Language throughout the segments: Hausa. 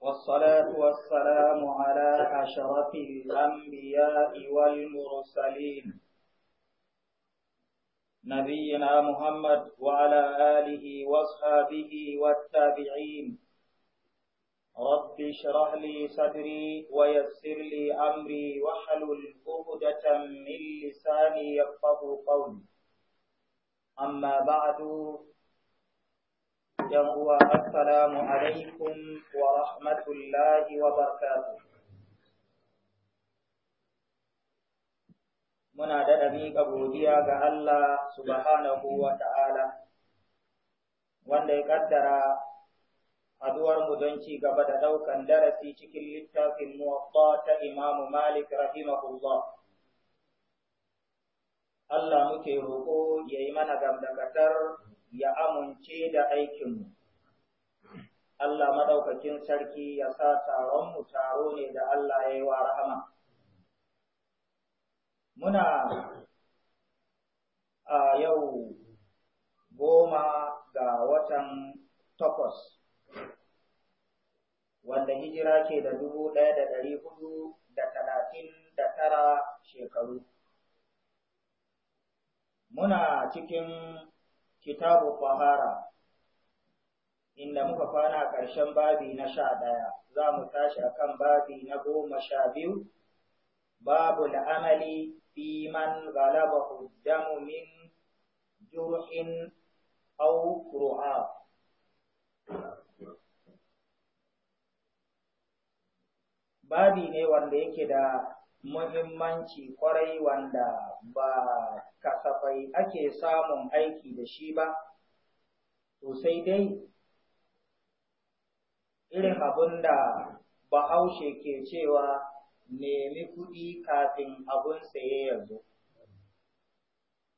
والصلاة والسلام على أشرف الأنبياء والمرسلين نبينا محمد وعلى آله وصحبه والتابعين رب اشرح لي صدري ويسر لي أمري واحلل عقدة من لساني يفقه قولي أما بعد yan uwa assalamu alaikum wa rahmatullahi wa barakatuh muna daɗa miƙa godiya ga Allah subhanahu wa ta'ala wanda ya kaddara haduwar mu don ci gaba da ɗaukan darasi cikin littafin muwatta ta imamu malik rahimahullah Allah muke roƙo ya yi mana gamdakatar ya amince da aikinmu. Allah maɗaukakin sarki ya sa taronmu taro ne da Allah ya yi wa rahama. Muna a yau goma ga watan takwas, wanda hijira ke da dubu ɗaya da ɗari hudu da talatin da tara shekaru. Muna cikin kitabu fahara inda muka kwana a ƙarshen babi na sha ɗaya za mu tashi a kan babi na goma sha biyu babu la'amali fi man galabahu damu min jurhin au babi ne wanda yake da muhimmanci kwarai wanda ba kasafai ake samun aiki da shi ba, to sai dai irin abin da bahaushe ke cewa nemi kuɗi kafin abin saye yanzu.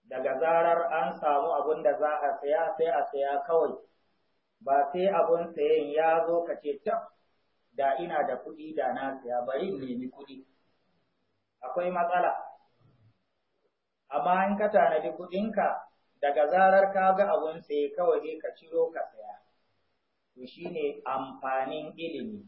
Daga zarar an samu abin da za a saya sai a saya kawai, ba sai abin sayen ya zo ka ce da ina da kuɗi da na saya bari nemi kuɗi. Akwai matsala. amma in ka tanadi kuɗinka daga zarar ka ga abun sai kawai dai ka ciro ka saya to shine amfanin ilimi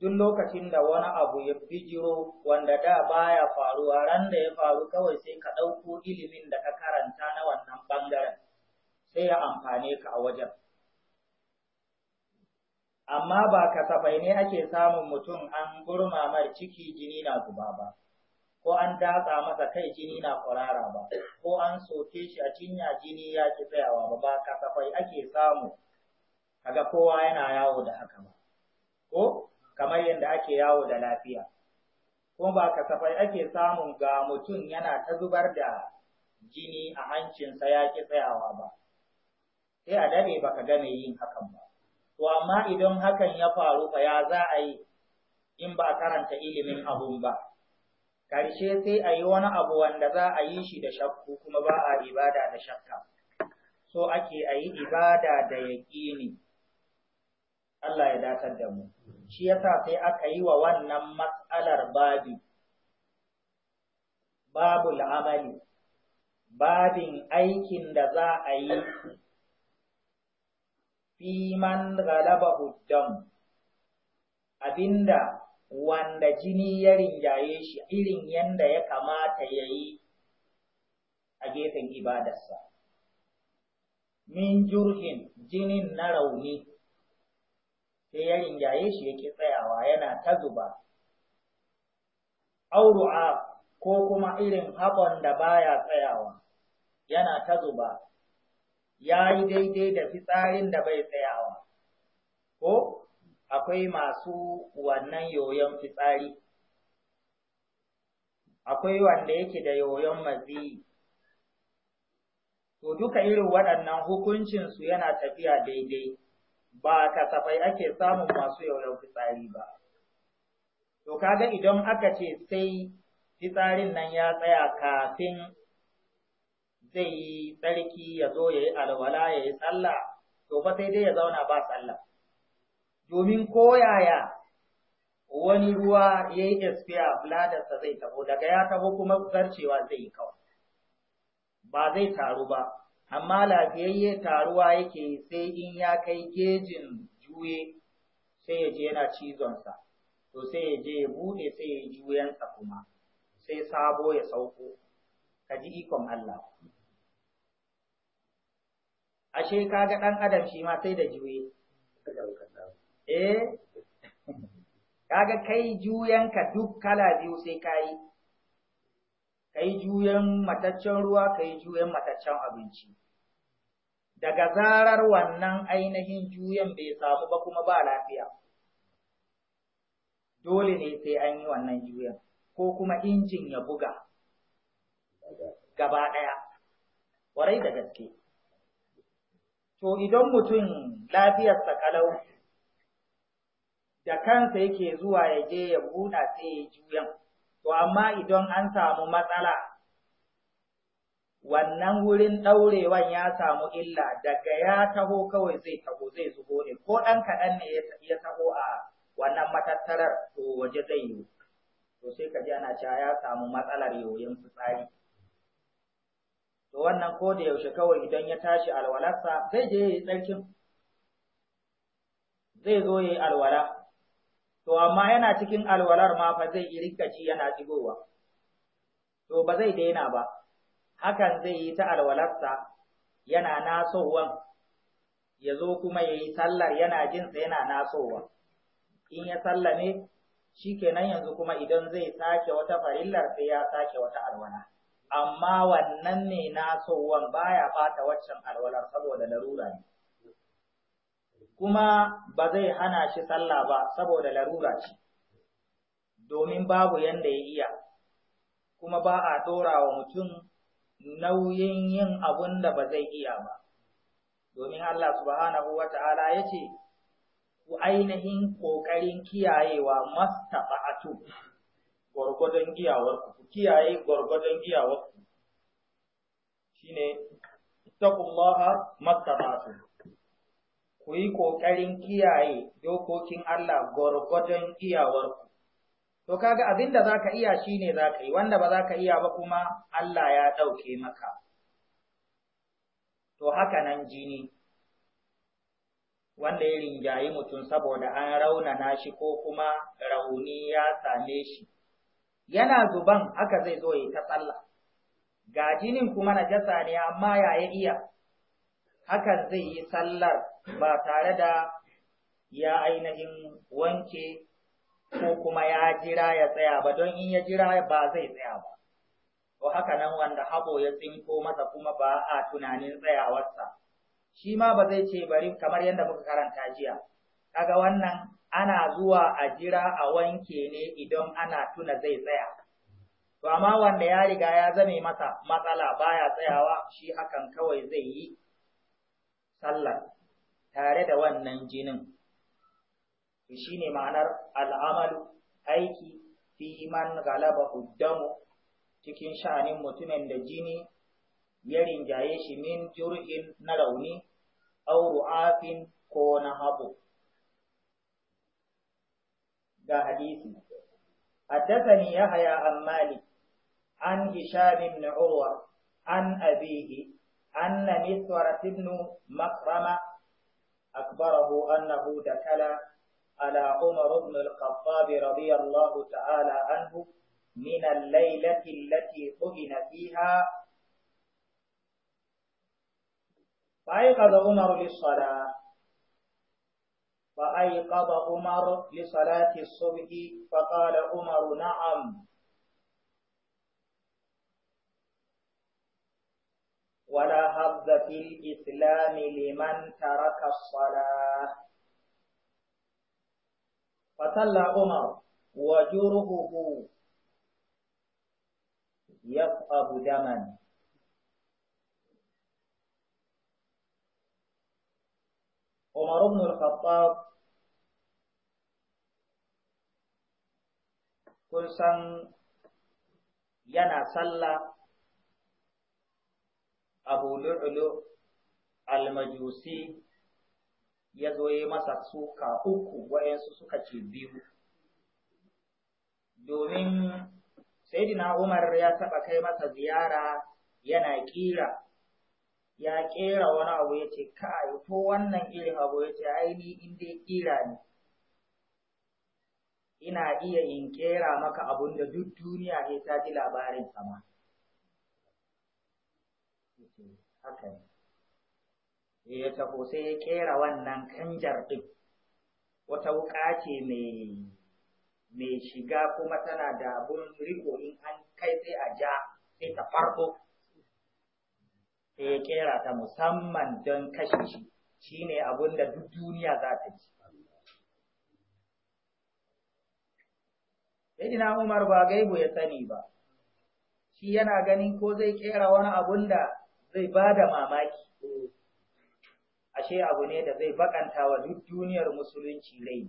duk lokacin da wani abu ya bijiro wanda da baya faruwa ran da ya faru kawai sai ka ɗauko ilimin da ka karanta na wannan ɓangaren sai ya amfane ka a wajen amma ba kasafai ne ake samun mutum an gurmamar ciki jini na zuba ba ko an datsa masa kai jini na kwarara ba ko an soke shi a cinya jini ya ki tsayawa ba ba kasafai ake samu kaga kowa yana yawo da haka ba ko kamar yadda ake yawo da lafiya ko ba kasafai ake samun ga mutum yana ta zubar da jini a hancinsa ya ki tsayawa ba sai a dade ba ka gane yin hakan ba to amma idan hakan ya faru fa ya za a yi in ba karanta ilimin abun ba karshe sai a yi wani abu wanda za a yi shi da shakku kuma ba a ibada da shakka so ake a yi ibada da yaƙini Allah ya datar da mu shi yasa sai aka yi wa wannan matsalar babi babu amali babin aikin da za a yi fiman galaba abinda wanda jini ya rinjaye shi irin yanda ya kamata ya yi a gefen ibadarsa. Min jurhin jinin na rauni, sai ya rinjaye shi ya yake tsayawa yana ta zuba. Auru'a ko kuma irin haɓon da baya tsayawa, yana ta zuba, ya yi daidai da fitsarin da bai tsayawa, ko akwai masu wannan yoyon fitsari, akwai wanda yake da yoyon mazi, To duka irin waɗannan hukuncinsu yana tafiya daidai, ba kasafai ake samun masu yoyon fitsari ba. To kaga idan aka ce sai fitsarin nan ya tsaya kafin zai yi tsarki ya zo ya yi alwala ya yi sallah, to fa sai dai ya zauna ba sallah. domin koyaya wani ruwa ya yi espiya bladarsa zai tabo daga ya tabo kuma zarcewa zai yi kawai ba zai taru ba amma lafiyayye taruwa yake sai in ya kai gejin juye sai ya je yana cizonsa to sai ya je ya buɗe sai ya juyansa kuma sai sabo ya sauko ka ji ikon Allah ashe kaga dan adam shi ma sai da juye eh kaga kai juyan ka duk kala biyu sai kai kai juyan mataccen ruwa kai juyan mataccen abinci daga zarar wannan ainihin juyan bai samu ba kuma ba lafiya dole ne sai an yi wannan juyan ko kuma injin ya buga gaba ɗaya warai da gaske to idan mutum lafiyarsa kalau da kansa yake zuwa ya je ya buɗa sai ya juyan. To amma idan an samu matsala, wannan wurin ɗaurewan ya samu illa daga ya taho kawai zai taho zai zubo ne, ko ɗan kaɗan ne ya taho a wannan matattarar to waje zai yi. To sai ka ji ana cewa ya samu matsalar yoyin fitsari. To wannan ko da yaushe kawai idan ya tashi alwalarsa zai je ya yi tsarkin. zai zo ya yi alwala to amma yana cikin alwalar ma fa zai yi rinka ci yana jigowa to ba zai daina ba hakan zai yi ta alwalarsa yana nasowa, ya zo kuma ya yi sallar yana jinsa yana nasowa in ya sallame shi kenan yanzu kuma idan zai sake wata farillar sai ya sake wata alwala amma wannan ne nasowan baya fata waccan alwalar saboda larura ne kuma ba zai hana shi sallah ba saboda larura ce, domin babu yanda ya iya, kuma ba a dora wa mutum nauyin yin abun da ba zai iya ba, domin Allah subhanahu wa ta'ala ya ce, Ku ainihin ƙoƙarin kiyayewa mastafa'atu, gwargwadon iyawarku, ku kiyaye gwargwadon iyawarku, shi ne, ta kuma mastafa'atu. ku yi ƙoƙarin kiyaye dokokin Allah gwargwadon iyawarku. To kaga abin da za ka iya shi ne za ka yi, wanda ba za ka iya ba kuma Allah ya ɗauke maka. To haka nan jini, wanda ya rinjayi mutum saboda an raunana shi ko kuma rauni ya same shi, yana zuban haka zai zo ya ta tsalla. Ga jinin kuma najasa ne amma ya iya. Hakan zai yi sallar ba tare da ya ainihin wanke ko kuma ya jira ya tsaya ba don in ya jira ba zai tsaya ba. To haka nan wanda habo ya tsinko masa kuma ba a tunanin tsayawarsa. Shi ma ba zai ce bari kamar yadda muka karanta jiya. Kaga wannan ana zuwa a jira a wanke ne idan ana tuna zai tsaya. To amma wanda ya riga ya zame masa matsala baya tsayawa shi hakan kawai zai yi sallah tare da wannan jinin to shine ma'anar al'amalu aiki fi man galaba huddamu cikin sha'anin mutumin da jini ya rinjaye shi min jur'in na rauni aw afin ko na habu ga hadisi addasani يحيى An an عن min بن urwa, an أبيه أن مسورة بن مكرمة أخبره أنه دخل على عمر بن الخطاب رضي الله تعالى عنه من الليلة التي طهن فيها فأيقظ عمر للصلاة فأيقظ عمر لصلاة الصبح فقال عمر نعم ولا هبة في الإسلام لمن ترك الصلاة فصلى عمر وجرهه يصأب دما عمر بن الخطاب كل سنة ينا صلى abu lu'ulu almajusi ya zo yi masa suka uku wa'yansu suka ce biyu domin Sayyidina Umar ya taɓa kai masa ziyara yana ƙira, ya ƙera wani abu ya ce, kai, wannan irin abu ya ce, ni in dai ƙira ne, ina iya in ƙera maka abun da duk duniya ya ta ji labarin sama. haka ne ya taho sai ya kera wannan kanjar ɗin wata wuƙa ce mai shiga kuma tana da abun riko in an kai sai a ja sai ta farko sai ya kera ta musamman don kashe shi ne abun da duk duniya za ta ci Sayyidina Umar ba gaibu ya sani ba, shi yana ganin ko zai kera wani abun da zai ba da mamaki ashe abu ne da zai bakanta wa duk duniyar musulunci rai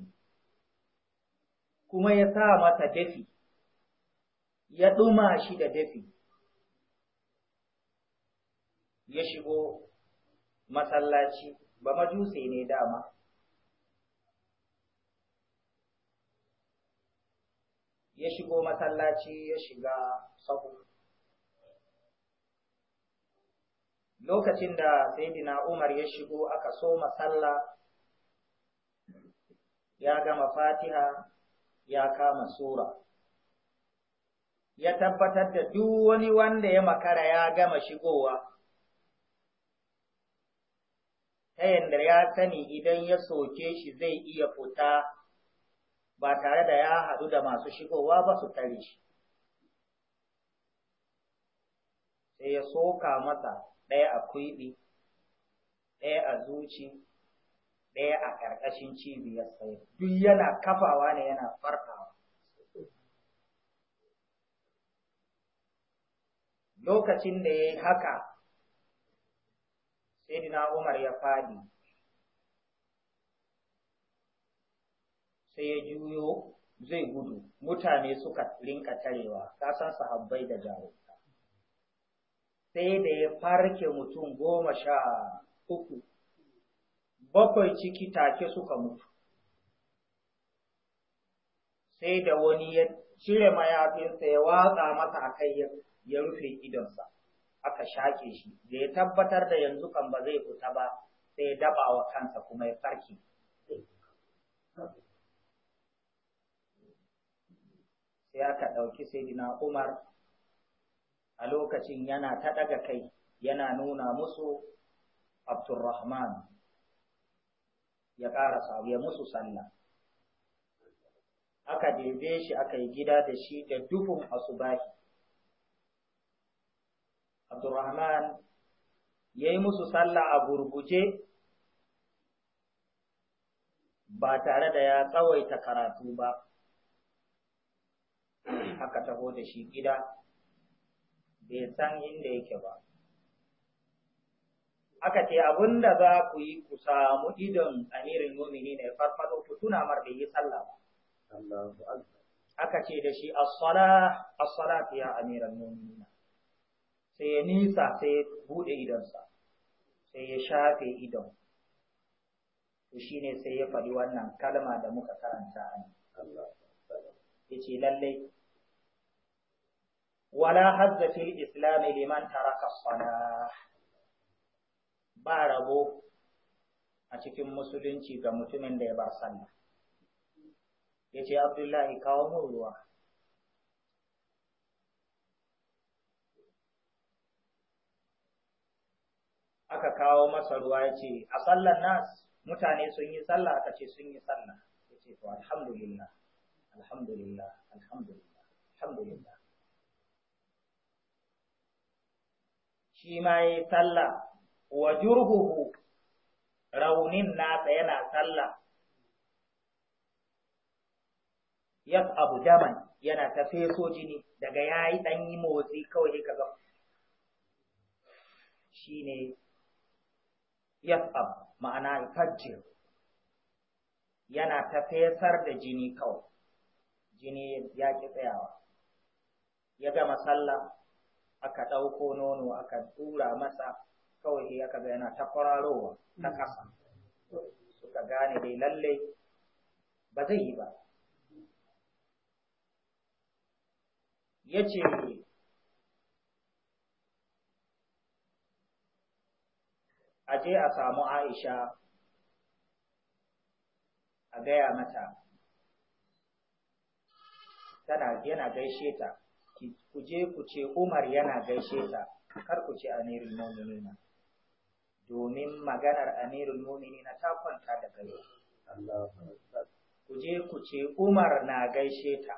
kuma ya sa masa dafi ya ɗuma shi da dafi ya shigo masallaci ba majuse ne dama ya shigo masallaci ya shiga sahu lokacin da sayyidina Umar ya shigo aka soma sallah ya gama Fatiha ya kama sura ya tabbatar da duk wani wanda ya makara ya gama shigowa ta yadda ya sani idan ya soke shi zai iya fita ba tare da ya haɗu da masu shigowa ba su tare shi sai ya soka masa ɗaya a kwiɓi ɗaya a zuci ɗaya a ƙarƙashin cibiyar sai duk yana kafawa ne yana farkawa lokacin da ya yi haka sai umar ya faɗi. sai ya juyo zai gudu mutane suka rinka tarewa kasan sahabbai da jaro sai da ya farke mutum goma sha uku, bakwai ciki take suka mutu. Sai da wani ya cire mayafinsa ya watsa masa a kai ya rufe idonsa, aka shaƙe shi, da ya tabbatar da yanzu kan ba zai fita ba sai ya daba wa kansa kuma ya farke. Sai aka ɗauki Sayyidina Umar a lokacin yana ta ɗaga kai yana nuna musu Abdurrahman ya ƙara ya musu sallah. Aka debe shi aka yi gida da shi da duhun asubahi. Abdurrahman ya yi musu sallah a gurguje ba tare da ya tsawaita karatu ba. Aka taho da shi gida. bai san inda yake ba aka ce abin da za ku yi ku samu idon amirin nomini ne farfado ku tuna mar da yi sallah ba. Aka ce da shi asala sala as-salatu ya nomini sai ya nisa sai ya buɗe idonsa sai ya shafe idon. To shi ne sai ya faɗi wannan kalma da muka karanta a Ya ce lallai wala hazza fil islam liman taraka salah ba rabo a cikin musulunci ga mutumin da ya bar sallah yace abdullahi kawo mun ruwa aka kawo masa ruwa yace a sallar nas mutane sun yi sallah aka ce sun yi sallah yace to alhamdulillah alhamdulillah alhamdulillah alhamdulillah shi ma ya yi sallah wa jurhuhu raunin nasa yana sallah Yaf abu daman yana ta feso jini daga ya yi ɗan yi motsi kawai ya ga shi ne abu ma'ana ifajjir yana ta fesar da jini kawai jini ya ƙi tsayawa ya gama sallah aka ɗauko nono aka tura masa kawai shi aka ga yana ta kwararowa ta hmm. ƙasa suka gane dai lallai ba zai yi ba ya ce a je a samu aisha a gaya mata tana yana gaishe ta ku je ku ce Umar yana gaishe ta kar ku ce Amirul Mu'minin domin maganar Amirul Mu'minin ta kwanta da gare ku je ku ce Umar na gaishe ta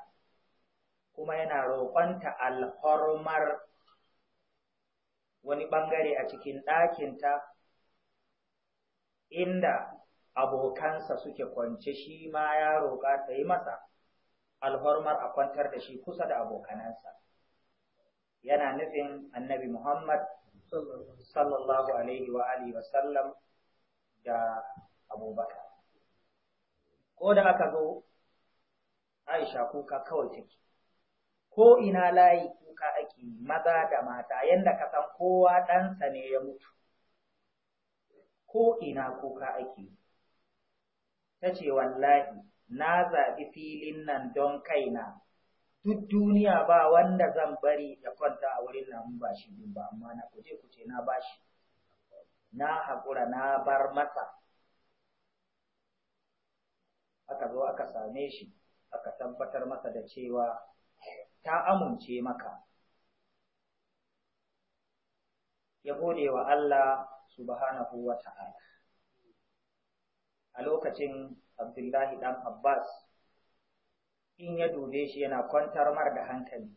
kuma yana roƙonta alhormar wani bangare a cikin ɗakinta inda abokansa suke kwance shi ma ya roƙa ta yi masa alhormar a kwantar da shi kusa da abokanansa. yana nufin annabi Muhammad sallallahu alaihi wa alihi wa sallam da abubakar ko da aka zo aisha kuka kawai take ko ina layi kuka ake maza da mata yadda ka san kowa ɗansa ne ya mutu ko ina kuka ake ta ce wallahi na zaɓi filin nan don kaina duk duniya ba wanda zan bari da kwanta a wurin nan ba shi din ba amma na kuje kuce na bashi na haƙura na bar masa aka zo aka same shi aka tabbatar masa da cewa ta amince maka ya gode wa Allah subhanahu wa ta'ala a lokacin Abdullahi dan Abbas in ya dube shi yana kwantar mar da hankali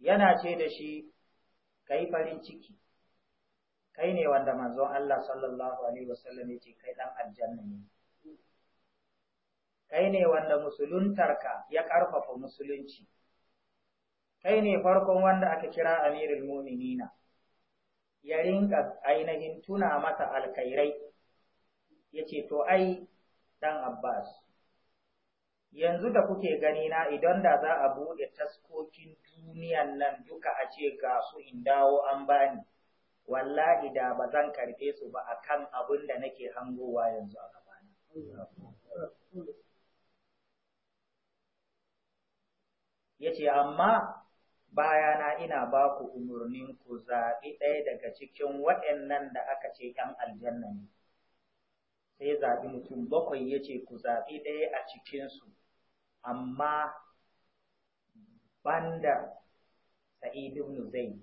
yana ce da shi kai farin ciki kai ne wanda manzon Allah sallallahu alaihi wasallam ya ce kai dan aljanna ne kai ne wanda musuluntarka ya karfafa musulunci kai ne farkon wanda aka kira amirul muminina ya rinka ainihin tuna masa alkhairai, yace to ai dan abbas yanzu da kuke gani na idan da za a buɗe taskokin duniyan nan duka a ce ga su in dawo an bani wallahi da ba zan karfe su ba akan abin da nake hangowa yanzu a gabana ce, amma bayana ina ba ku umarnin ku zaɓi ɗaya daga cikin waɗannan da aka ce ‘yan aljanna ne sai zaɓi mutum bakwai ce ku zaɓi ɗaya a cikinsu amma banda Sa'id ibn Zaid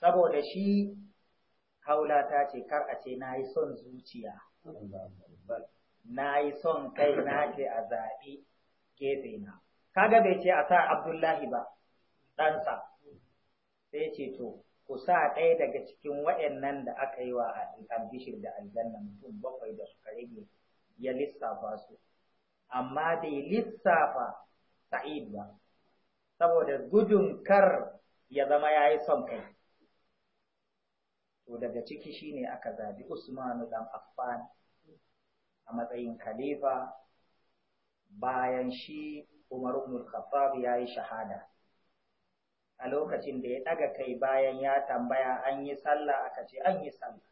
saboda shi haula ta ce kar a ce nayi son zuciya nayi son kai na ce a zaɓi gefe na kaga bai ce a sa Abdullahi ba ɗansa sai ce to ku sa ɗaya daga cikin waɗannan da aka yi wa abishir da aljanna mutum bakwai da suka rage ya lissafa su amma bai lissafa sa'id ba saboda gudun kar ya zama ya yi son kai to daga ciki shine aka zabi usmanu dan affan a matsayin khalifa bayan shi umar ibn khattab ya yi shahada a lokacin da ya ɗaga kai bayan ya tambaya an yi sallah aka ce an yi sallah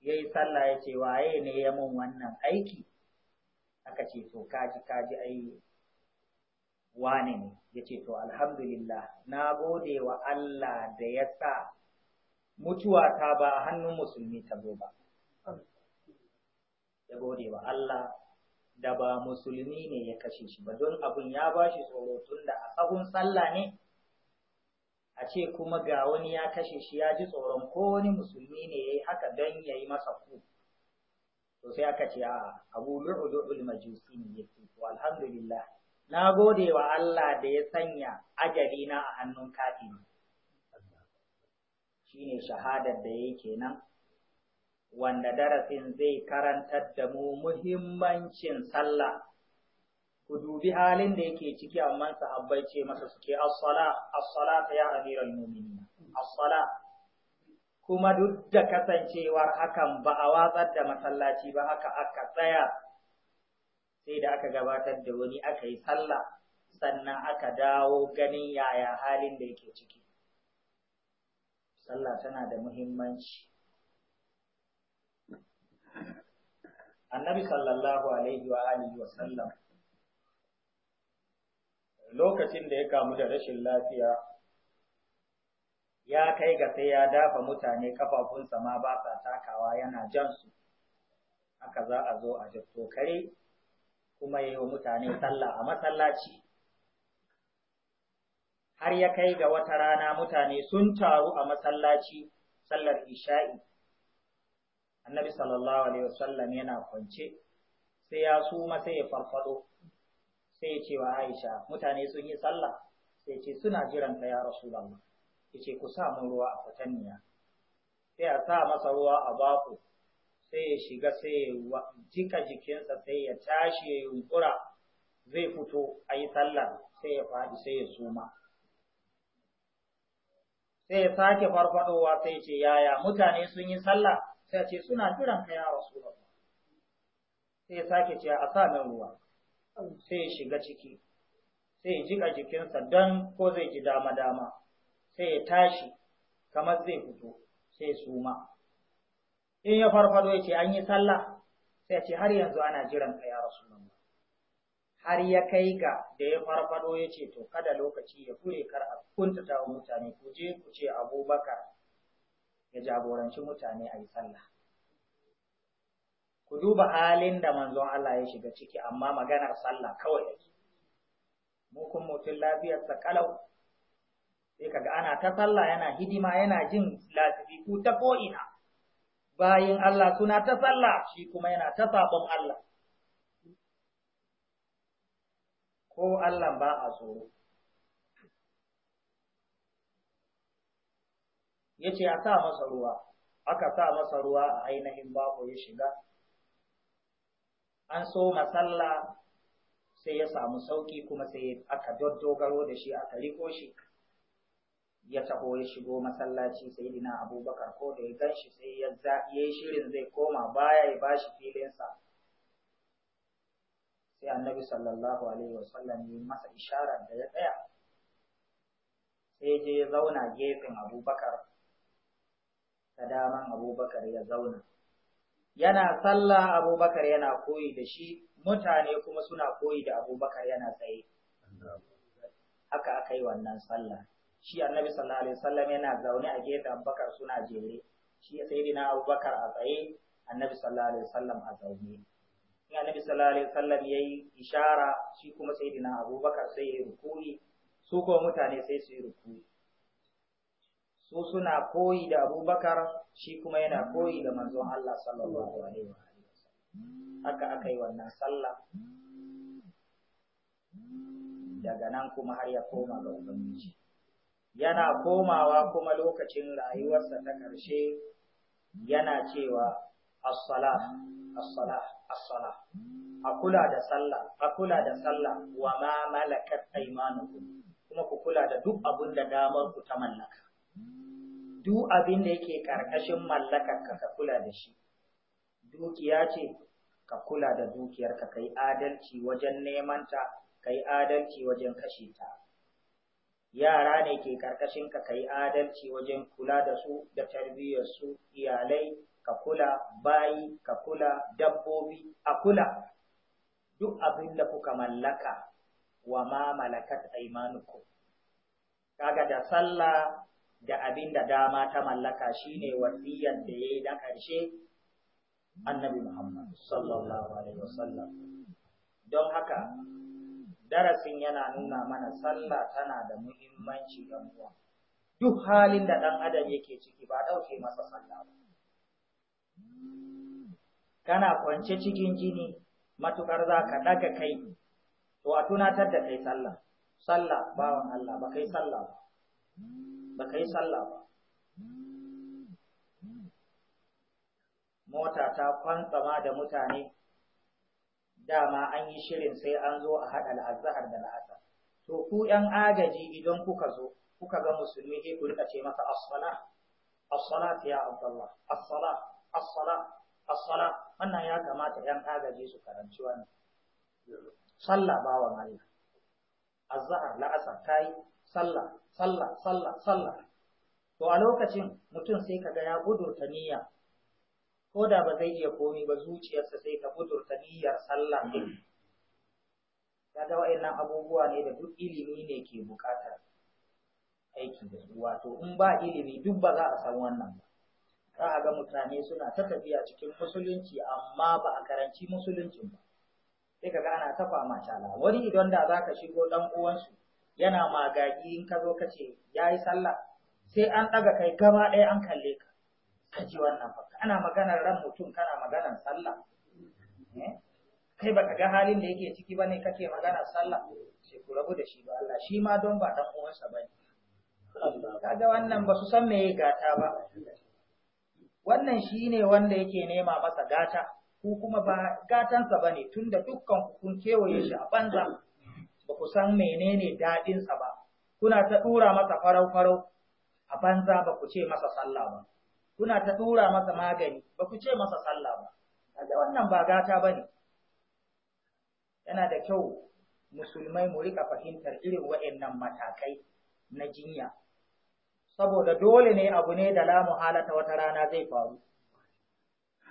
ya yi sallah ya ce waye ne ya mun wannan aiki aka ce to kaji kaji ai wane ne ya ce to alhamdulillah na gode wa Allah da ya sa mutuwa ta ba a hannun musulmi ta zo ba ya gode wa Allah da ba musulmi ne ya kashe shi ba don abun ya ba shi tsoro tun a sahun sallah ne a ce kuma ga wani ya kashe shi ya ji tsoron ko wani musulmi ne ya yi haka don ya yi masa ku to sai aka ce a abu ul majusi ne yake to alhamdulillah na gode wa Allah da ya sanya ajali na a hannun kafiri shine shahadar da yake kenan wanda darasin zai karantar da mu muhimmancin sallah ku dubi halin da yake ciki amma sahabbai ce masa suke as-sala as-sala ya amiral mu'minin as-sala kuma duk da kasancewar hakan ba a watsar da masallaci ba haka aka tsaya sai da aka gabatar da wani aka yi sallah sannan aka dawo ganin yaya halin da yake ciki sallah tana da muhimmanci annabi sallallahu alaihi wa alihi wa sallam lokacin da ya kamu da rashin lafiya ya kai ga sai ya dafa mutane kafafunsa ma ba sa takawa yana jan su haka za a zo a jatto kare kuma yi wa mutane sallah a masallaci har ya kai ga wata rana mutane sun taru a masallaci sallar isha'i annabi sallallahu alaihi wasallam yana kwance sai ya suma sai ya farfado sai ya ce wa aisha mutane sun yi sallah sai ce suna jiran ta ya rasulullah yace ku sa mun ruwa a fatanniya sai a sa masa ruwa a baku sai ya shiga sai ya jika jikinsa sai ya tashi ya yunkura zai fito a yi sallah sai ya faɗi sai ya suma sai ya sake farfadowa sai ce yaya mutane sun yi sallah sai ce suna jiran ka ya rasulullah sai ya sake ce a sa nan ruwa sai ya shiga ciki sai ya jika jikinsa don ko zai ji dama dama sai ya tashi kamar zai fito sai suma in ya farfado ya ce an yi sallah sai ya ce har yanzu ana jiran ka ya rasulullah har ya kai ga da ya farfado ya ce to kada lokaci ya kure kar a kuntatawa ta mutane ku je ku ce abubakar ya jagoranci mutane a yi sallah ku duba halin da manzon Allah ya shiga ciki amma maganar sallah kawai yake mu kun mutum lafiyarsa kalau sai kaga ana ta sallah yana hidima yana jin ku ta ko'ina bayan Allah suna ta sallah shi kuma yana ta sabon Allah ko Allah ba a tsoro yace a sa masa ruwa aka sa masa ruwa a ainihin bako ya shiga an so masalla sai ya samu sauki kuma sai aka dogaro da shi aka riko shi ya taho ya shigo masallaci sayyidina abubakar ko da ya gan shi sai ya yi shirin zai koma baya ya bashi filinsa sai annabi sallallahu alaihi wasallam ya masa isharar da ya tsaya sai je ya zauna gefen abubakar ta daman abubakar ya zauna yana sallah abubakar yana koyi da shi mutane kuma suna koyi da abubakar yana tsaye haka aka yi wannan sallah shi annabi sallallahu alaihi wasallam yana zaune a gefe Abubakar suna jere shi sayyidina Abubakar a tsaye annabi sallallahu alaihi wasallam a zaune in annabi sallallahu alaihi wasallam yayi ishara shi kuma sayyidina Abubakar sai ya rukuni su kuma mutane sai su yi rukuni su suna koyi da Abubakar shi kuma yana koyi da manzon Allah sallallahu alaihi wasallam haka aka yi wannan sallah daga nan kuma har ya koma ga Ubangiji. yana komawa kuma lokacin rayuwarsa ta ƙarshe yana cewa as as a da sallah akula da sallah wa ma malakat aymanukum kuma ku kula da duk abin da damar ku ta mallaka duk abin da yake karkashin mallakar ka ka kula da shi dukiya ce ka kula da dukiyarka kai adalci wajen neman ta kai adalci wajen kashe ta yara ne ke karkashin ka kai adalci wajen kula da su da tarbiyyar su iyalai ka kula bayi ka kula dabbobi a kula duk abin da kuka mallaka wa ma malakat aimanuku kaga da sallah da abin da dama ta mallaka shine wasiyar da yayi da ƙarshe? annabi Muhammad sallallahu alaihi wasallam don haka darasin yana nuna mana sallah tana da muhimmanci ga mu. duk halin da dan adam yake ciki ba dauke masa sallah ba kana kwance cikin jini matukar za ka daga kai to a tunatar da kai sallah sallah bawan Allah ba kai sallah ba ba kai sallah ba mota ta kwantsama da mutane dama an yi shirin sai an zo a haɗa al'azhar da la'asa to ku ɗan agaji idan kuka zo kuka ga musulmi ke ku rika ce masa as-sala as-sala ya abdullah as-sala as wannan ya kamata ɗan agaji su karanci wannan sallah bawan Allah azhar la'asar kai sallah sallah sallah sallah to a lokacin mutum sai ka ga ya gudurta niyya ko da ba zai iya komi ba zuciyarsa sai ta kudurta niyyar sallah kaga wa'annan abubuwa ne da duk ilimi ne ke bukatar aiki da su wato in ba ilimi duk ba za a san wannan ba za a ga mutane suna ta tafiya cikin musulunci amma ba a karanci musulunci ba sai kaga ana ta fama tala wani idan da za ka shigo dan uwansu yana magagi in ka zo ka ce yayi sallah sai an ɗaga kai gaba ɗaya an kalle ka ka ji wannan fa ana maganar ran mutum kana maganar sallah eh? kai baka ga halin da yake ciki bane kake maganar sallah sai ku rabu da shi ba Allah shi ma don ba dan uwansa bane kaga wannan ba su san me gata ba wannan shine wanda yake nema masa gata ku kuma ba gatansa bane tunda dukkan kun kewaye shi a banza ba ku san menene sa ba kuna ta dura masa farau farau a banza ba ku ce masa sallah ba kuna ta tura masa magani ba ku ce masa sallah ba kaje wannan ba gata bane yana da kyau musulmai mu rika fahimtar irin wayannan matakai na jinya saboda dole ne abu ne da la ta wata rana zai faru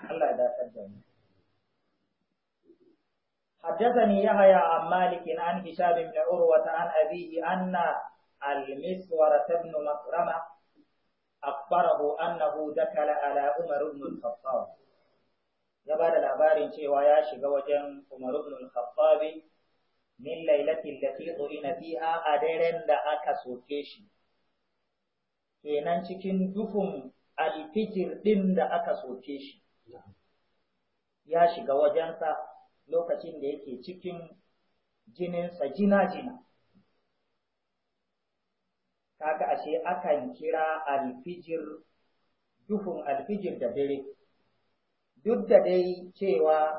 Allah ya dace da mu حدثني يحيى عن مالك عن هشام بن عروة عن أبيه أن المسورة بن مكرمة annahu dakala ala Umar ibn al-Khattab ya ba da labarin cewa ya shiga wajen Umar ibn al-Khattab min lailatin lati tu'ina fiha a daren da aka soke shi kenan cikin duhun alfijir din da aka soke shi ya shiga wajensa lokacin da yake cikin jininsa jina-jina kaga ashe akan kira alfijir duhun alfijir da dare duk da dai cewa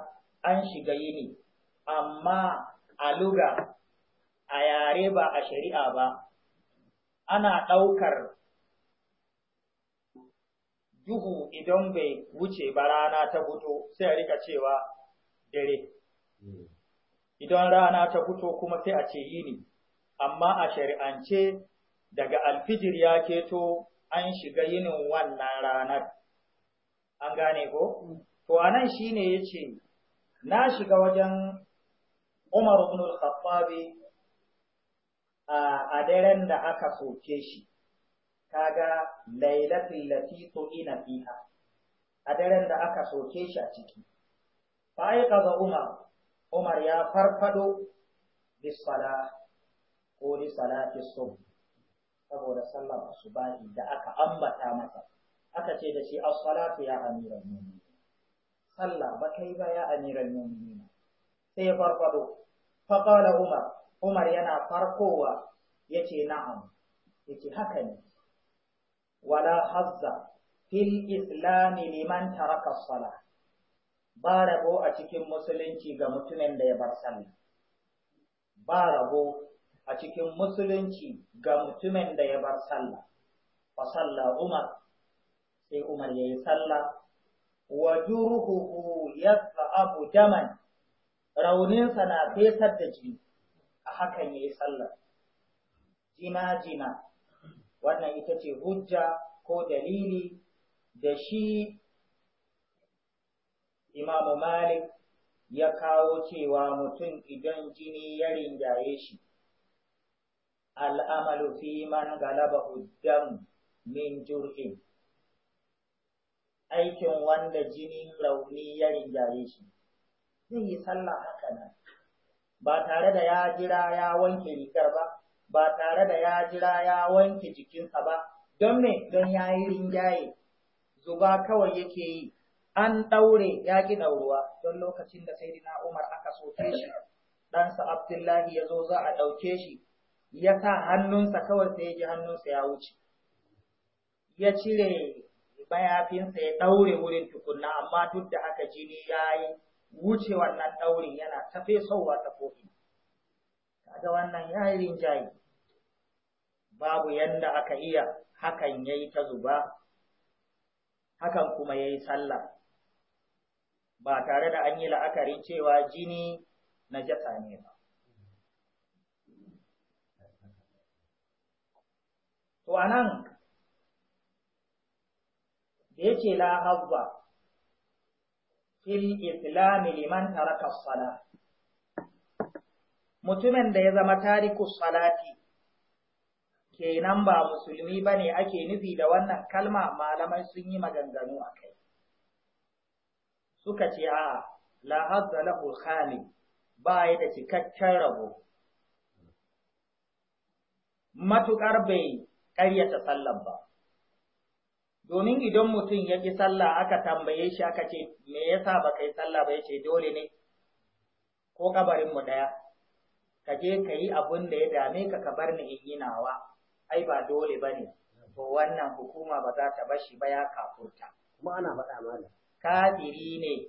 an shiga yini amma a luga a yare ba a shari'a ba ana ɗaukar duhu idan bai wuce ba rana ta fito sai a rika cewa dare hmm. idan rana ta fito kuma sai a ce yini amma a shari'ance daga alfijir ya keto an shiga yinin wannan ranar an gane ko mm. to anan shine yace na shiga wajen Umar ibn al-Khattab a daren da aka soke shi kaga lailatul lati ina fiha a daren da aka soke shi a ciki fa ai kaza Umar Umar ya farfado bis ko li salati subh saboda sallar asubahi da aka ambata masa aka ce da shi as-salatu ya amiral mu'minin sallah ba kai ba ya amiral mu'minin sai ya farfado fa qala umar umar yana farkowa yace na'am yace haka ne wala hazza fil islam liman taraka as-salah ba rabo a cikin musulunci ga mutumin da ya bar sallah ba rabo a cikin musulunci ga mutumin da ya bar sallah fa salla umar sai umar ya yi sallah wa juruhu abu daman rauninsa na fesar da jini a hakan ya yi sallah jina jina wannan ita ce hujja ko dalili da shi imamu malik ya kawo cewa mutum idan jini ya ringaye shi al'amalu fi man galaba uddam min jur'in aikin wanda jinin rauni ya rinjaye shi zai yi sallah haka nan ba tare da ya jira ya wanke rigar ba ba tare da ya jira ya wanke jikinsa ba don me don ya yi rinjaye zuba kawai yake yi an ɗaure ya ƙi ɗauruwa don lokacin da sai na Umar aka soke shi ɗansa Abdullahi ya zo za a ɗauke shi ya sa hannunsa kawai sai ya ji hannunsa ya wuce ya cire mayafinsa ya ɗaure wurin tukunna amma duk da haka jini ya yi wuce wannan ɗaurin yana ta fesowa ta kofi. kaga wannan ya yi rinjaye babu yadda aka iya hakan ya yi ta zuba hakan kuma ya yi sallah ba tare da an yi la'akarin cewa jini na jasa ne ba anan da ya ce la hazza fil islami liman taraka sala mutumin da ya zama tariku salati kenan ba musulmi ba ne ake nufi da wannan kalma malamai sun yi maganganu a kai suka ce a la hazza lahu khali ba ya da cikakken rabo matuƙar bai ƙaryata sallar ba. Domin idan mutum ya ƙi sallah aka tambaye shi aka ce, me yasa ba kai sallah ba ya ce dole ne, ko kabarinmu ɗaya, ka je ka yi abin da ya dame ka ka bar ni in yi nawa, ai ba dole ba ne, to wannan hukuma ba za ta bashi ba ya kafurta. Kuma ana faɗa mana. Kafiri ne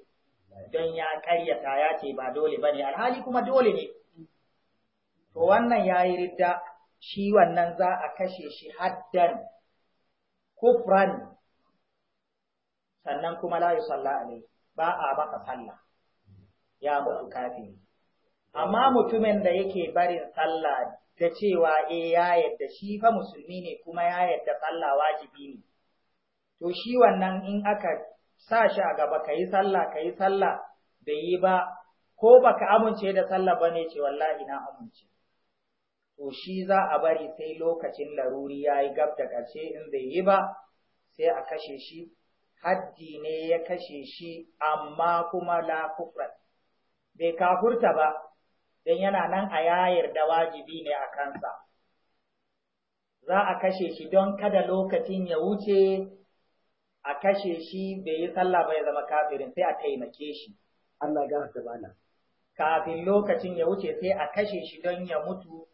don ya ƙaryata ya ce ba dole ba ne, alhali kuma dole ne. To wannan ya yi ridda shi wannan za a kashe shi haddan kufran sannan kuma la yusalla ne ba a baka sallah ya mutu kafiri amma mutumin da yake barin sallah da cewa eh ya yadda shi fa musulmi ne kuma ya yadda sallah wajibi ne to shi wannan in aka sa shi a gaba kai sallah kayi sallah bai yi ba ko baka amince da sallah bane ce wallahi na amince to shi za a bari sai lokacin laruri ya yi gab da ƙarshe in zai yi ba sai a kashe shi haddi ne ya kashe shi amma kuma la kufrat bai kafurta ba don yana nan a yayar da wajibi ne a kansa za a kashe shi don kada lokacin ya wuce a kashe shi bai yi sallah ba ya zama kafirin sai a taimake shi Allah ga kafin lokacin ya wuce sai a kashe shi don ya mutu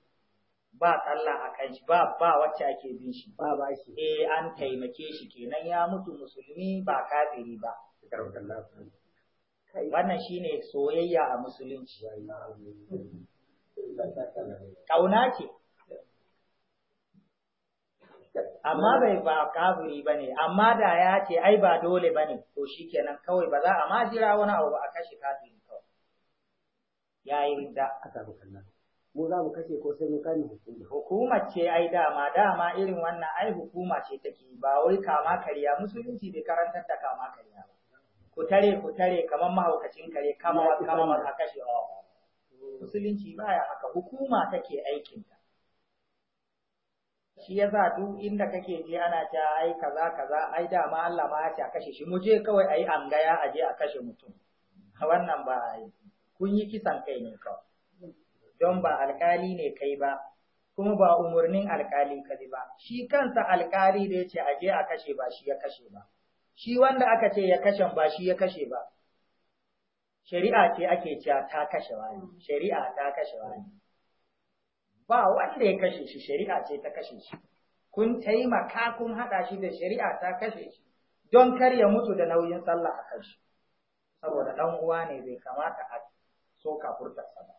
ba tsalla a kan shi ba ba wacce ake bin shi ba ba shi eh an taimake shi kenan ya mutu musulmi ba kafiri ba wannan shine soyayya a musulunci kauna ce amma bai ba kafiri bane amma da ya ce ai ba dole bane to shikenan kawai ba za a ma jira wani abu a kashe kafiri kawai yayi da aka mu za mu kashe ko sai mu kai hukuma hukuma ce ai dama dama irin wannan ai hukuma ce take ba wai kama kariya musulunci bai karantar da kama kariya ba ku tare ku tare kamar mahaukacin kare kama kama a kashe musulunci baya haka hukuma take aikin ta shi yasa duk inda kake je ana ta ai kaza kaza ai dama Allah ma ya ce a kashe shi mu je kawai ai angaya a je a kashe mutum wannan ba kun yi kisan kai ne kawai don ba alkali ne kai ba kuma ba umarnin alkali kaji ba shi kansa alkali da yace aje a kashe ba shi ya kashe ba shi wanda aka ce ya kashe ba shi ya kashe ba shari'a ce ake cewa ta kashe wani shari'a ta kashe wani ba wanda ya kashe shi shari'a ce ta kashe shi kun taimaka kun hada shi da shari'a ta kashe shi don kar ya mutu da nauyin sallah a kashe, saboda ɗan uwa ne bai kamata a soka furtarsa ba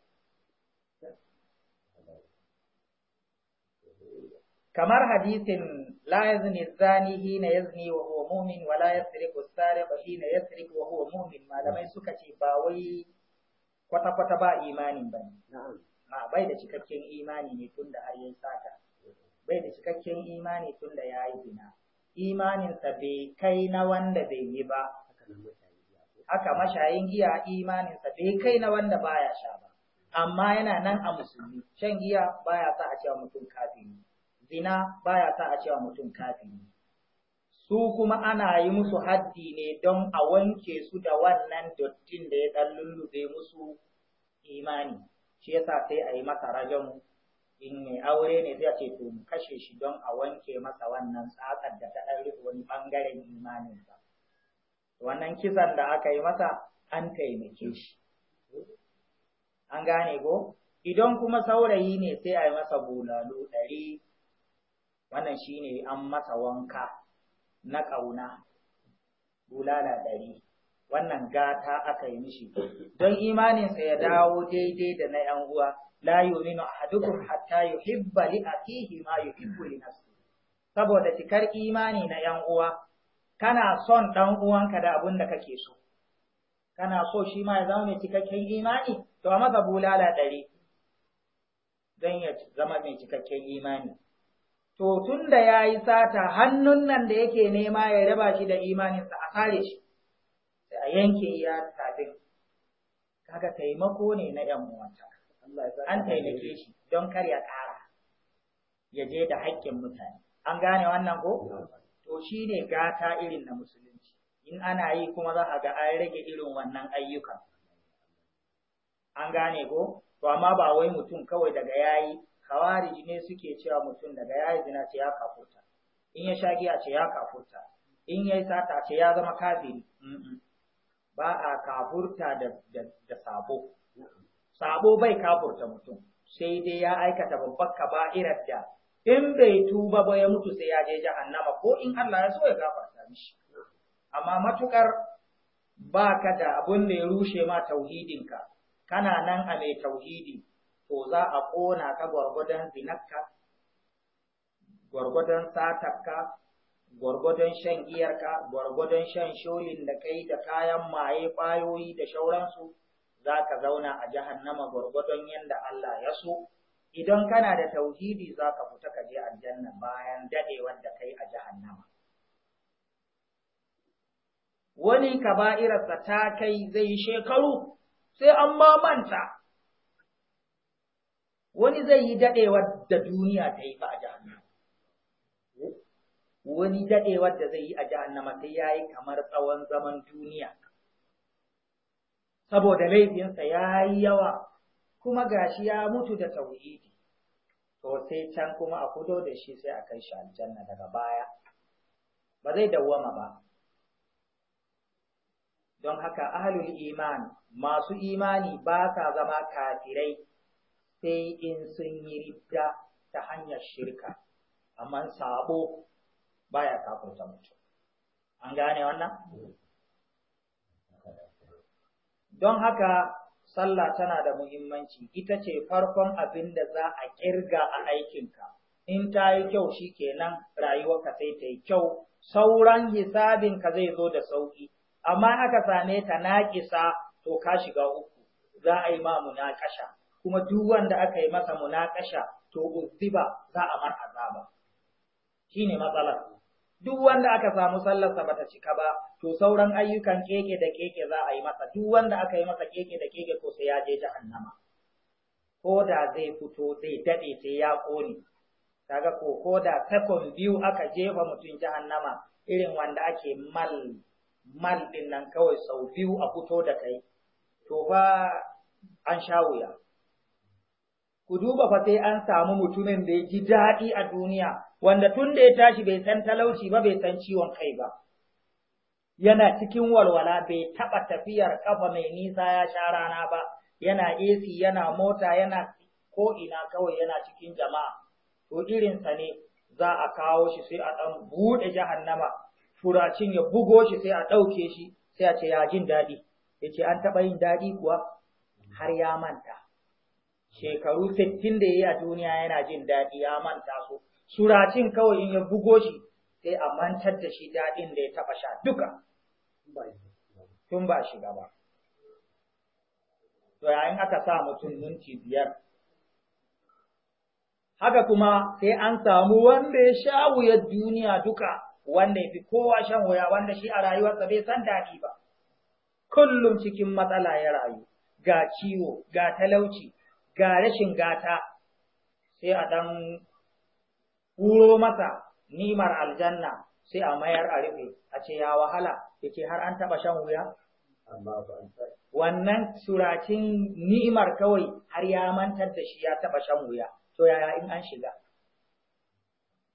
kamar hadisin la yazni zani hina yazni wa huwa mu'min wa la yasriqu sariqu hina yasriqu wa huwa mu'min malamai suka ce ba wai kwata kwata ba imanin ba ne. ma bai da cikakken imani ne tunda har yayin sata bai da cikakken imani tunda ya yayi zina imaninsa bai kai na wanda bai yi ba haka mashayin giya imaninsa bai kai na wanda baya sha ba amma yana nan a musulmi shan giya baya sa a cewa mutum kafiri zina baya sa a cewa mutum kafiri su kuma ana yi musu haddi ne don a wanke su da wannan dottin da ya dan lullube musu imani shi yasa sai a yi masa rajon in mai aure ne zai ce to mu kashe shi don a wanke masa wannan tsatsar da ta dan rufe wani ɓangaren imaninsa wannan kisan da aka yi masa an taimake shi an gane ko idan kuma saurayi ne sai a yi masa bulalo ɗari wannan shi ne an masa wanka na ƙauna bulala ɗari wannan gata aka yi mishi don imaninsa ya dawo daidai da na ‘yan uwa la yuminu ahadukum hatta yuhibba li akihi ma yuhibbu li nafsi saboda cikar imani na ‘yan uwa kana son ɗan uwanka da abin da kake so kana so shi ma ya zama mai cikakken imani to a masa bulala ɗari don ya zama mai cikakken imani to tun da ya yi sata hannun nan da yake nema ya raba shi da imaninsa a kare shi da a yanke iya tafin kaga taimako ne na yan uwanta an taimake shi don karya ya ƙara ya je da haƙƙin mutane an gane wannan ko to shi ne gata irin na musulunci in ana yi kuma za a ga an rage irin wannan ayyukan an gane ko to amma ba wai mutum kawai daga yayi Kawari ne suke cewa mutum daga yi zina ce ya kafurta in ya sha giya ce ya kafurta in ya yi sata ce ya zama kafin ba a kafurta da da sabo sabo bai kafurta mutum sai dai ya aikata babbar kaba'irar da in bai tuba ba ya mutu sai ya je jahannama ko in Allah ya so ya gafarta mishi amma matukar baka da abin da ya rushe ma tauhidinka kana nan a mai tauhidi to za a ƙona ka gwargwadon zinarka, gwargwadon satarka, gwargwadon shan iyarka, gwargwadon shan sholin da kai da kayan maye ƙwayoyi da shauransu, za ka zauna a jahannama gwargwadon yadda Allah ya so. Idan kana da tauhidi za ka fita ka je aljanna bayan daɗewar da kai a jahannama. Wani ka ba'irarsa ta kai zai shekaru sai an mamanta. wani zai yi daɗewar da duniya ta yi ba a jahannama wani dadewar da zai yi a jahannama sai yayi kamar tsawon zaman duniya saboda laifinsa yayi yawa kuma gashi ya mutu da tauhidi to sai can kuma a fito da shi sai a kai shi aljanna daga baya ba zai dawwama ba don haka ahlul iman masu imani ba sa zama kafirai sai in sun yi ridda ta hanyar shirka amma sabo baya kafurta mutum an gane wannan don haka sallah tana da muhimmanci ita ce farkon abin da za a kirga a aikinka in ta yi kyau shi rayuwa ka sai ta yi kyau sauran hisabinka zai zo da sauki amma aka same ta naƙisa to ka shiga uku za a yi na ƙasha. kuma duk wanda aka yi masa munakasha to uziba za a mar azaba shine matsalar duk wanda aka samu sallarsa bata cika ba to sauran ayyukan keke da keke za a yi masa duk wanda aka yi masa keke da keke ko sai ya je jahannama ko da zai fito zai dade sai ya kone kaga ko ko da takon biyu aka jefa mutum jahannama irin wanda ake mal mal din nan kawai sau biyu a fito da kai to fa an sha wuya ku duba fa sai an samu mutumin da ya ji daɗi a duniya wanda tun da ya tashi bai san talauci ba bai san ciwon kai ba yana cikin walwala bai taɓa tafiyar ƙafa mai nisa ya sha rana ba yana AC yana mota yana ko ina kawai yana cikin jama'a to irinsa ne za a kawo shi sai a ɗan buɗe jahannama furacin ya bugo shi sai a ɗauke shi sai a ce ya jin daɗi ya ce an taɓa yin daɗi kuwa har ya manta shekaru sittin da yayi a duniya yana jin daɗi ya manta su suracin kawai in ya bugo shi sai a mantar da shi daɗin da ya taɓa sha duka tun ba shi gaba to yayin aka sa mutum minti biyar haka kuma sai an samu wanda ya sha wuyar duniya duka wanda ya fi kowa shan wuya wanda shi a rayuwarsa bai san daɗi ba kullum cikin matsala ya rayu ga ciwo ga talauci ga rashin gata sai a ɗan wuro masa nimar aljanna sai a mayar a rufe a ce ya wahala yake har an taɓa shan wuya wannan suratin nimar kawai har ya mantar da shi ya taɓa shan wuya to yaya in an shiga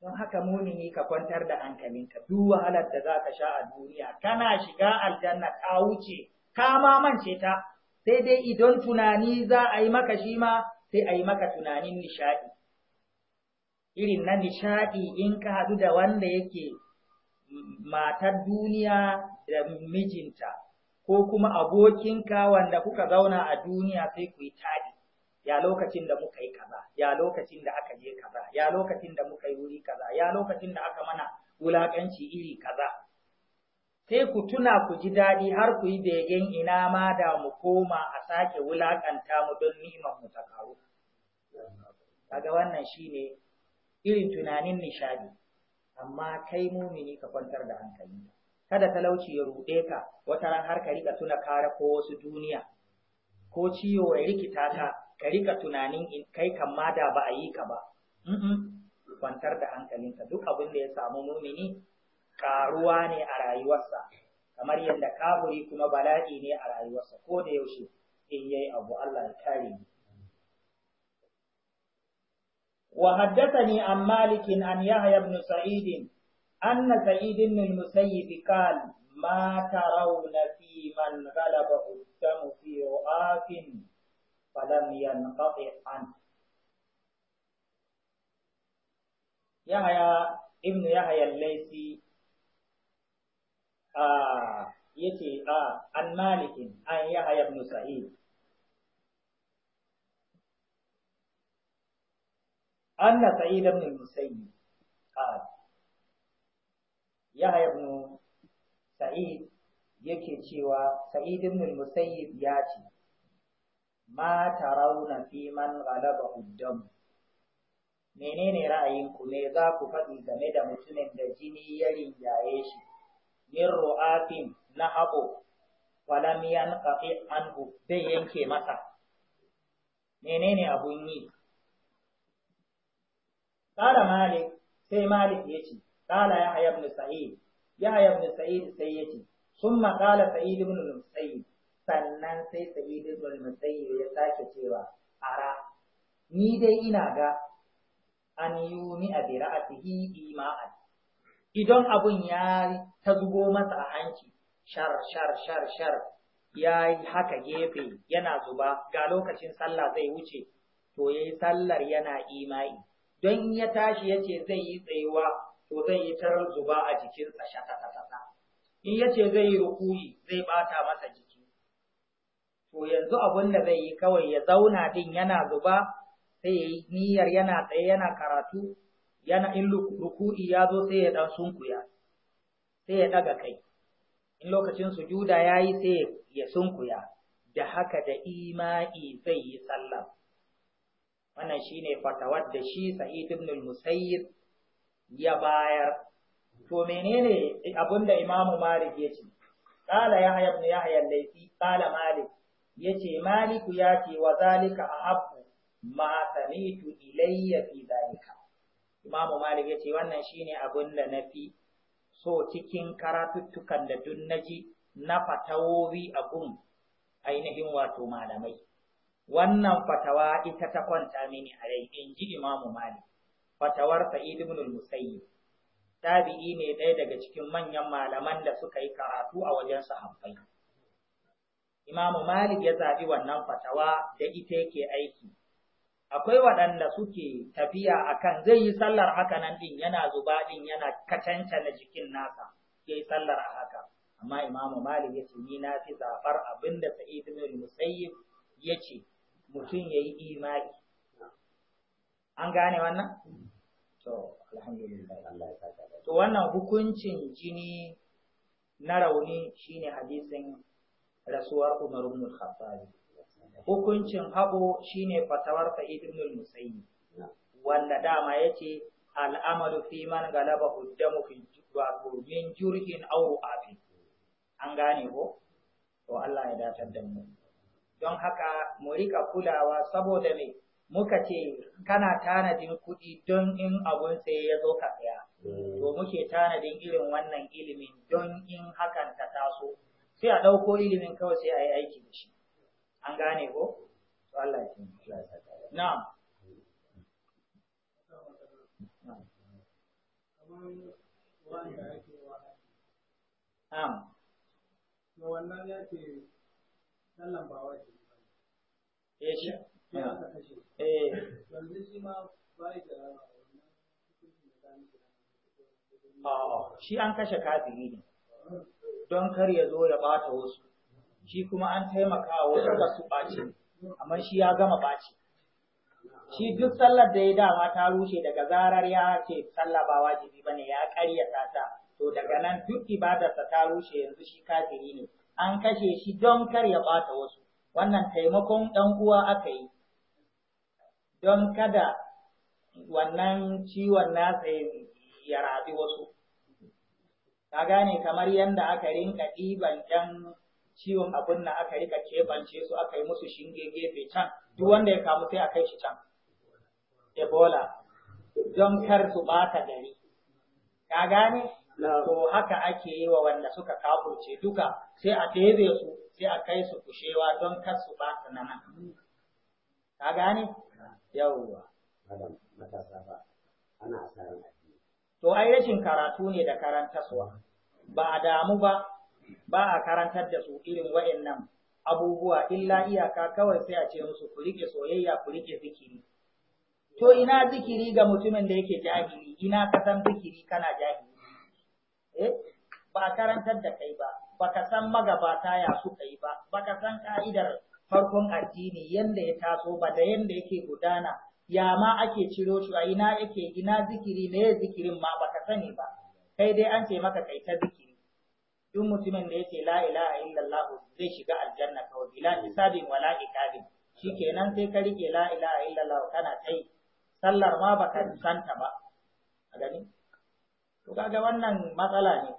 don haka mumini ka kwantar da hankalinka duk wahalar da za ka sha a duniya kana shiga aljanna ta wuce ka ma mamance ta sai dai idan tunani za a yi maka shi ma sai a yi maka tunanin nishaɗi. Irin na nishaɗi in ka haɗu da wanda yake matar duniya da mijinta, ko kuma abokinka wanda kuka zauna a duniya sai ku yi taɗi, ya lokacin da muka yi kaza, ya lokacin da aka je kaza, ya lokacin da muka yi wuri kaza, ya lokacin da aka mana wulaƙanci iri kaza. sai ku tuna ku ji daɗi har ku yi begen ina ma da mu koma a sake wulaƙanta mu don ni'imar mu ta karu. Kaga wannan shine irin tunanin nishadi, amma kai mumini ka kwantar da hankali. Kada talauci ya ruɗe ka wata ran har ka riƙa tuna kare ko wasu duniya, ko ciwo ya rikita ka, ka riƙa tunanin kai kan ma da ba a yi ka ba. Kwantar da hankalinka duk abin da ya samu mumini karuwa ne a rayuwarsa kamar yadda kafiri kuma bala'i ne a rayuwarsa ko da yaushe in yayi abu Allah ya kare ni wa haddathani an malik an yahya ibn sa'id an sa'id ibn al-musayyib qala ma tarawna fi man ghalabahu damu fi ru'atin falam yanqati an yahya ibn yahya al-laysi yace a an malikin an yahya ibn sa'id anna sa'id ibn mai musayyib qala yahya ibn sa'id yake cewa sa'id ibn al-musayyib ya ce ma tarawna fi man ghalaba uddam menene ra'ayinku ne za ku faɗi game da mutumin da jini ya rinjaye shi min ru'atin na haƙo falam yanqati anhu bai yanke masa menene abun yi qala malik sai malik yace qala hayy ibn sa'id hayy ibn sa'id sai yace summa qala sa'id ibn al-musayyib sannan sai sa'id ibn al-musayyib ya sake cewa ara ni dai ina ga an yuni a bira'atihi ima'an idan abun ya ta zubo masa a hanci shar shar shar shar ya yi haka gefe yana zuba ga lokacin sallah zai wuce to yayi sallar yana imai don ya tashi yace zai yi tsayuwa to zai yi tar zuba a jikinsa shata shata in yace zai yi rukuyi zai bata masa jiki to yanzu abun da zai yi kawai ya zauna din yana zuba sai yayi niyyar yana tsaye yana karatu yana in ruku'i ya zo sai ya dan sunkuya sai ya ɗaga kai in lokacin sujuda yi sai ya sunkuya da haka da ima'i zai yi sallah wannan shi ne fatawar da shi Sa'id ibn al-Musayyib ya bayar to menene abinda imamu Malik ya ce qala Yahya ibn Yahya al-Laythi qala Malik yace Maliku ya ce wa zalika ahabbu ma sami'tu ilayya fi zalika Imamu Malik ya ce wannan shine abin da na fi so cikin karatuttukan da duk na ji na fatawowi a gun ainihin wato malamai. Wannan fatawa ita ta kwanta mini a rai in ji Imamu Malik. Fatawar Sa'id ibn al-Musayyib tabi'i ne ɗaya daga cikin manyan malaman da suka yi karatu a wajen sahabbai. Imamu Malik ya zaɓi wannan fatawa da ita yake aiki. akwai waɗanda suke tafiya akan zai yi sallar haka nan din yana zuba ɗin, yana katanta na jikin nasa yayi sallar a haka amma imamu malik yace ni na fi zafar abinda sa'id ibn musayyib yace mutum yayi imani an gane wannan to alhamdulillah Allah ya saka to wannan hukuncin jini na rauni shine hadisin rasuwar Umar ibn hukuncin haɓo shine fatawar sa'id musayi, wanda dama ya ce al'amalu fi man galaba huddamu fi wato jirgin auro aw an gane ko to Allah ya datar da mu don haka mu rika kulawa saboda mai muka ce kana tanadin kuɗi don in abun sai ya zo ka tsaya hmm. to muke tanadin irin wannan ilimin don in hakan ta taso sai a ɗauko ilimin kawai sai a yi aiki da shi an gane ko to Allah ya tsaya na'am na'am to wannan ya ce sallan ba wajibi ba eh shi eh yanzu shi ma bai da A'a, shi an kashe kafiri ne, don kar ya zo ya ɓata wasu. shi kuma an taimaka wa wasu da su ɓaci amma shi ya gama ɓaci shi duk sallar da ya dama ta rushe daga zarar ya ce sallah ba wajibi ba ne ya ƙarya ta to daga nan duk ibadarsa ta rushe yanzu shi kafiri ne an kashe shi don kar ya ɓata wasu wannan taimakon ɗan uwa aka yi don kada wannan ciwon nasa ya rabi wasu ka gane kamar yadda aka rinka ɗiban ɗan ciwon abin nan aka rika keɓance su aka yi musu shinge gefe can duk wanda ya kamu sai a kai shi can ebola don kar su bata gari ka gane to haka ake yi wa wanda suka kafurce duka sai a ɗebe su sai a kai su kushewa don kar su bata nan ka gane yawwa to ai rashin karatu ne da karanta suwa ba a damu ba ba a karantar da su irin waɗannan abubuwa illa iyaka kawai sai a ce musu ku rike soyayya ku rike zikiri to ina zikiri ga mutumin da yake jahili ina ka san zikiri kana jahili eh ba a karantar da kai ba baka san magabata ya su kai ba baka san ka'idar farkon addini yanda ya taso ba da yanda yake gudana ya ma ake ciro shi a ina yake ina zikiri ne zikirin ma baka sani ba kai dai an ce maka kai ta zikiri duk mutumin da yake la ilaha illallah zai shiga aljanna kawai bila hisabin wala shi shikenan sai ka rike la ilaha illallah kana kai sallar ma baka santa ba a gani to kaga wannan matsala ne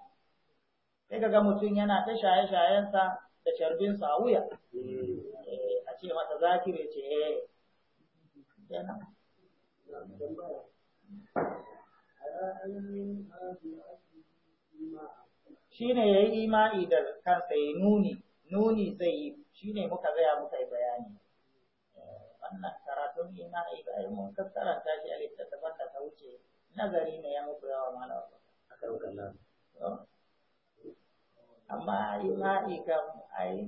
sai kaga mutum yana ta shaye shayen sa da sharbin sa wuya eh, a ce masa zakiru ce eh shine yayi imani da kansa yayi nuni nuni zai yi shine muka zaya muka yi bayani eh, wannan karatun imani bayan mun ta shi a ta da ta wuce nazari ne ya muku yawa wasu. Eh, amma imani kam ai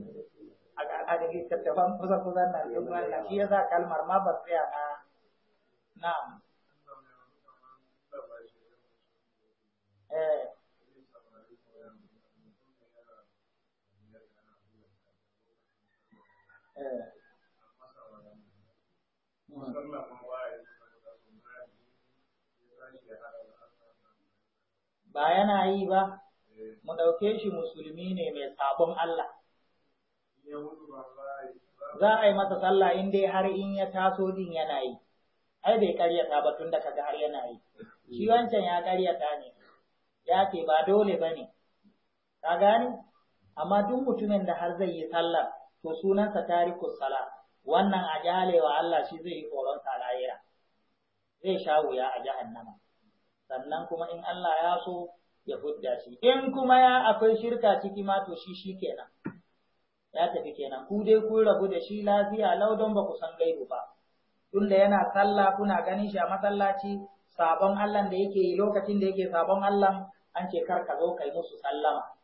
a ta ban kusa kusa na yin wannan shi yasa kalmar ma ba tsaya na na'am eh Eh. Ba yana yi ba, mu ɗauke shi musulmi ne mai sabon Allah. Za a yi masa sallah in dai har in ya taso din yana yi, ai bai karyata ba tun da kaga har yana yi. Shi wancan ya karyata ne, ya ce ba dole ba ne, ka gani? Amma duk mutumin da har zai yi sallah to sunansa tarikus sala wannan a jalewa Allah shi zai yi tsoron lahira zai sha wuya a jahannama sannan kuma in Allah ya so ya hudda shi in kuma ya akwai shirka ciki ma to shi shi kenan ya tafi kenan ku dai ku rabu da shi lafiya lau don ba ku san gaibu ba tunda yana sallah kuna ganin shi a masallaci sabon Allah da yake yi lokacin da yake sabon Allah an ce kar ka zo kai musu sallama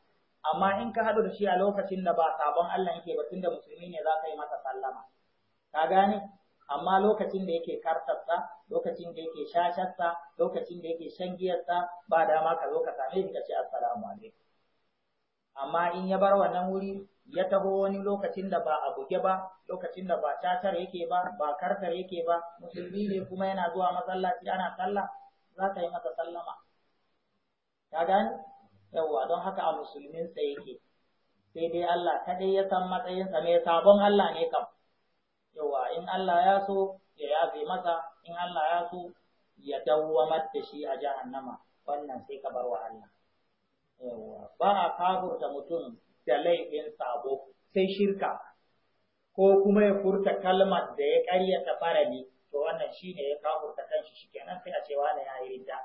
amma in ka haɗu da shi a lokacin da ba sabon Allah yake ba tunda musulmi ne za ka yi masa sallama ka gane amma lokacin da yake kartarsa lokacin da yake shasharsa lokacin da yake shan giyarsa ba dama ka zo ka same shi ka ce assalamu alaikum amma in ya bar wannan wuri ya taho wani lokacin da ba a buge ba lokacin da ba cacar yake ba ba karkar yake ba musulmi ne kuma yana zuwa masallaci ana sallah za ka yi masa sallama ka gane yawwa don haka a musulminsa yake sai dai Allah kaɗai ya san matsayinsa mai sabon Allah ne kam yawwa in Allah ya so ya yafe masa in Allah ya so ya dawwamar da shi a jahannama wannan sai ka bar wa Allah yawwa ba a kafurta mutum da laifin sabo sai shirka ko kuma ya furta kalmar da ya ƙaryata farali to wannan shine ya kafurta kanshi shikenan sai a ce wani ya yi ridda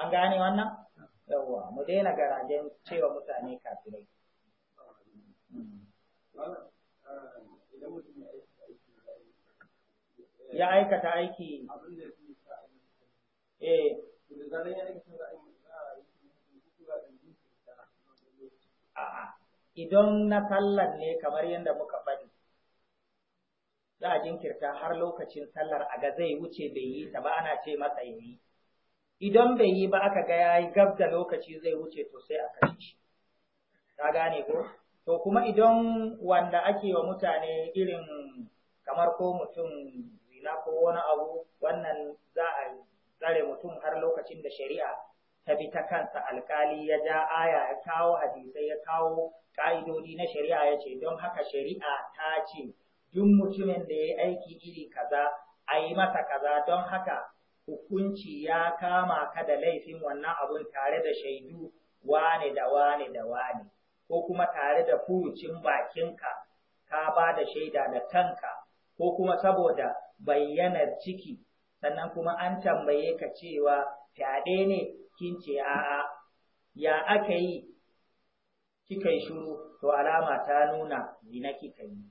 an gane wannan yawwa mu daina garajen cewa mutane kafirai ya aikata aiki eh idan na sallar ne kamar yadda muka faɗi za a jinkirta har lokacin sallar a ga zai wuce bai yi ta ba ana ce masa idan bai yi ba aka ga yayi gab da lokaci zai wuce to sai a kashe shi ka gane ko to kuma idan wanda ake wa mutane irin kamar ko mutum zina ko wani abu wannan za a tsare mutum har lokacin da shari'a ta bi ta kansa alkali ya ja aya ya kawo hadisai ya kawo ka'idodi na shari'a ya ce don haka shari'a ta ce duk mutumin da ya yi aiki iri kaza a yi masa kaza don haka hukunci ya kama ka da laifin wannan abun tare da shaidu wane da wane da wane ko kuma tare da furucin bakinka ka ba da shaida da kanka ko kuma saboda bayyanar ciki sannan kuma an tambaye ka cewa fyaɗe ne kin ce a'a ya aka yi kika yi shuru to alama ta nuna zina kika yi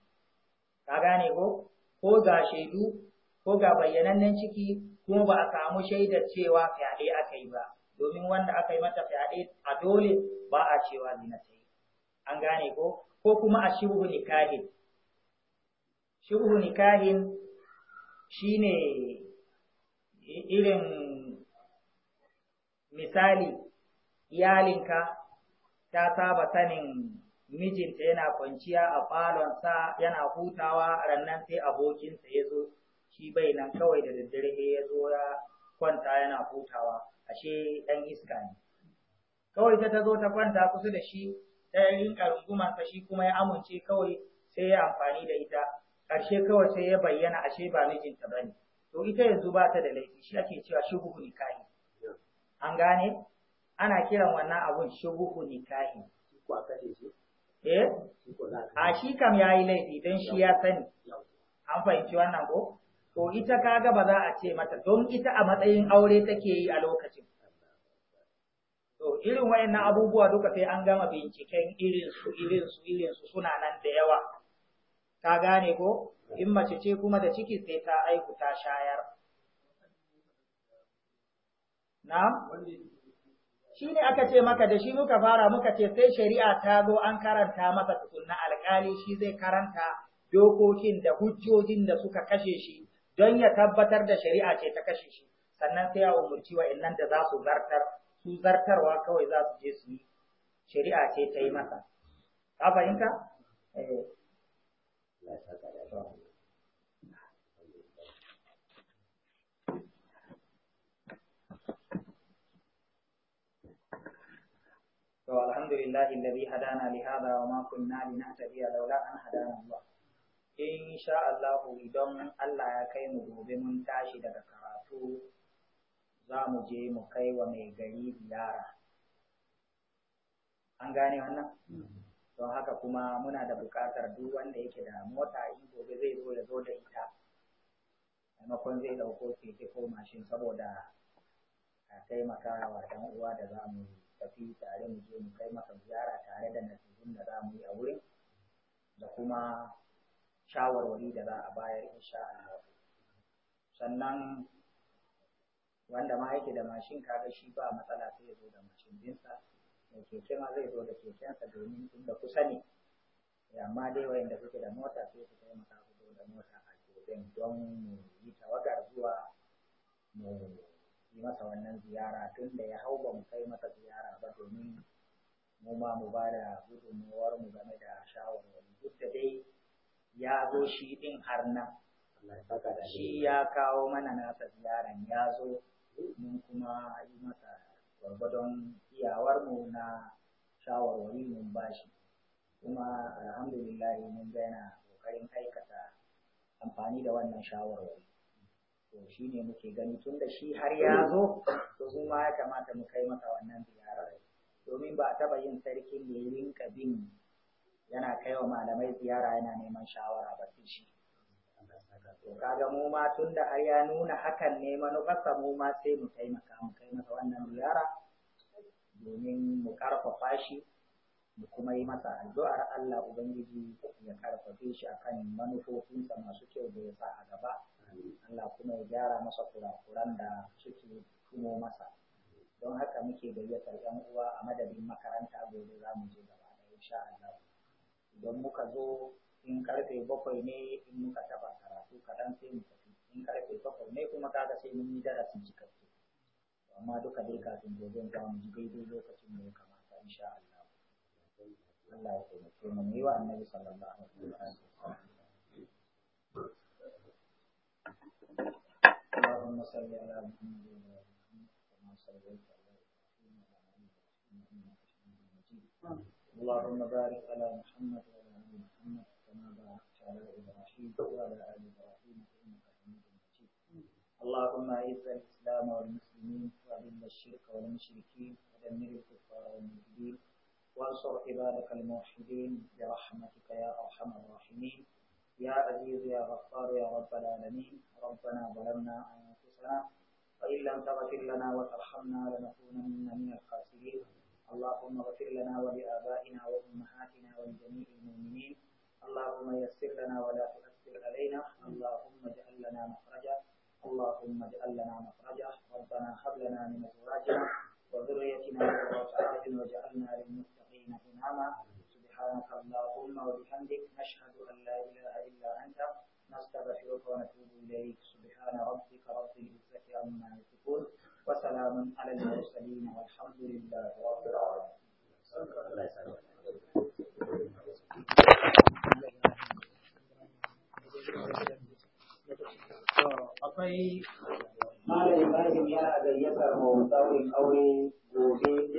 ka gane ko ko ga shaidu ko ga bayyanannen ciki kuma ba a samu shaidar cewa fyaɗe aka yi ba domin wanda aka yi mata fyaɗe a dole ba a cewa zina ta yi an gane ko ko kuma a shibhu nikahin shibhu nikahin shine irin misali iyalinka ta saba sanin mijinta yana kwanciya a falonsa yana hutawa rannan sai abokinsa ya zo shi bai nan kawai da daddare sai ya zo ya kwanta yana hutawa ashe ɗan iska ne kawai ta ta zo ta kwanta kusa da shi ta rinka rungumar sa shi kuma ya amince kawai sai ya amfani da ita ƙarshe kawai sai ya bayyana ashe ba mijinta bane to ita yanzu ba ta da laifi shi ake cewa shubuhu nikahi an gane ana kiran wannan abun shubuhu nikahi eh a shi kam ya yi laifi don shi ya sani an fahimci wannan ko to ita kaga ba za a ce mata don ita a matsayin aure take yi a lokacin. To irin wayannan abubuwa duka sai an gama binciken irin su irin su irin su suna nan da yawa. Ka gane ko in mace ce kuma da ciki sai ta aiku ta shayar. Na'am? Shi ne aka ce maka da shi muka fara muka ce sai shari'a ta zo an karanta masa tukunna alƙali shi zai karanta dokokin da hujjojin da suka kashe shi don ya tabbatar da shari'a ce ta kashe shi sannan sai ya umurci innan da za su zartar su zartarwa kawai za su je su yi shari'a ce ta yi masa ka fahimta eh والحمد لله الذي هدانا لهذا وما كنا لنهتدي laula an hadana Allah. in sha Allah idan Allah ya kai mu gobe mun tashi daga karatu za mu je mu kai wa mai gari ziyara an gane wannan don haka kuma muna da buƙatar duk wanda yake da mota in gobe zai zo ya zo da ita maimakon zai ɗauko keke ko mashin saboda a taimaka wa ɗan uwa da za mu tafi tare mu je mu kai masa ziyara tare da nasibin da za mu yi a wurin da kuma shawarwari da za a bayar insha Allah sannan wanda ma yake da mashin kaga shi ba matsala sai ya zo da mashin dinsa mai keke ma zai zo da kekensa domin inda kusa ne amma dai wayanda kuke da mota sai su taimaka ku zo da mota a keken don mu yi tawagar zuwa mu yi masa wannan ziyara tun da ya hau ba mu kai masa ziyara ba domin mu ma mu ba da gudunmuwar mu game da shawarwari duk da dai ya zo shi ɗin har nan shi ya kawo mana nasa ziyaran ya zo mun kuma yi masa gwargwadon iyawarmu na shawarwari mun bashi kuma alhamdulillah mun ga yana ƙoƙarin aikata amfani da wannan shawarwari to shi ne muke gani tun da shi har ya zo to su ma ya kamata mu kai masa wannan ziyara domin ba a taɓa yin sarkin da ya rinka bin yana kai wa malamai ziyara yana neman shawara ba su shi kaga mu ma tun da har ya nuna hakan ne manufarsa mu ma sai mu taimaka mu kai masa wannan ziyara domin mu karfafa shi mu kuma yi masa addu'ar Allah Ubangiji ya karfafe shi akan manufofinsa masu kyau da ya sa a gaba Allah kuma ya gyara masa kurakuran da suke tuno masa don haka muke gayyatar 'yan uwa a madadin makaranta gobe za mu je gaba da insha Allah don muka zo in karfe bakwai ne in muka taba karatu kaɗan sai mu tafi in karfe bakwai ne kuma kaga sai mun yi darasi cikakke amma duka dai kafin gobe za mu ji daidai lokacin da ya kamata insha Allah Allah ya taimake mu mu yi wa annabi sallallahu alaihi wa اللهم Thank you. اللهم بارك على محمد وعلى ال محمد كما باركت على ابراهيم وعلى ال ابراهيم انك حميد مجيد اللهم اعز الاسلام والمسلمين واذل الشرك والمشركين ودمر الكفار والمجدين وانصر عبادك الموحدين برحمتك يا ارحم الراحمين يا عزيز يا غفار يا رب العالمين ربنا ظلمنا انفسنا وان لم تغفر لنا وترحمنا لنكونن من الخاسرين اللهم اغفر لنا ولآبائنا وأمهاتنا ولجميع المؤمنين اللهم يسر لنا ولا تؤثر علينا اللهم اجعل لنا مخرجا اللهم اجعل لنا مخرجا ربنا هب لنا من أزواجنا وذريتنا قرة أعين واجعلنا للمتقين إماما سبحانك اللهم وبحمدك نشهد أن لا إله إلا أنت نستغفرك ونتوب إليك سبحان ربك رب العزة عما يصفون وسلام على المرسلين والحمد لله رب العالمين akwai mara ibrahim yana gayyatar mu daurin aure gobe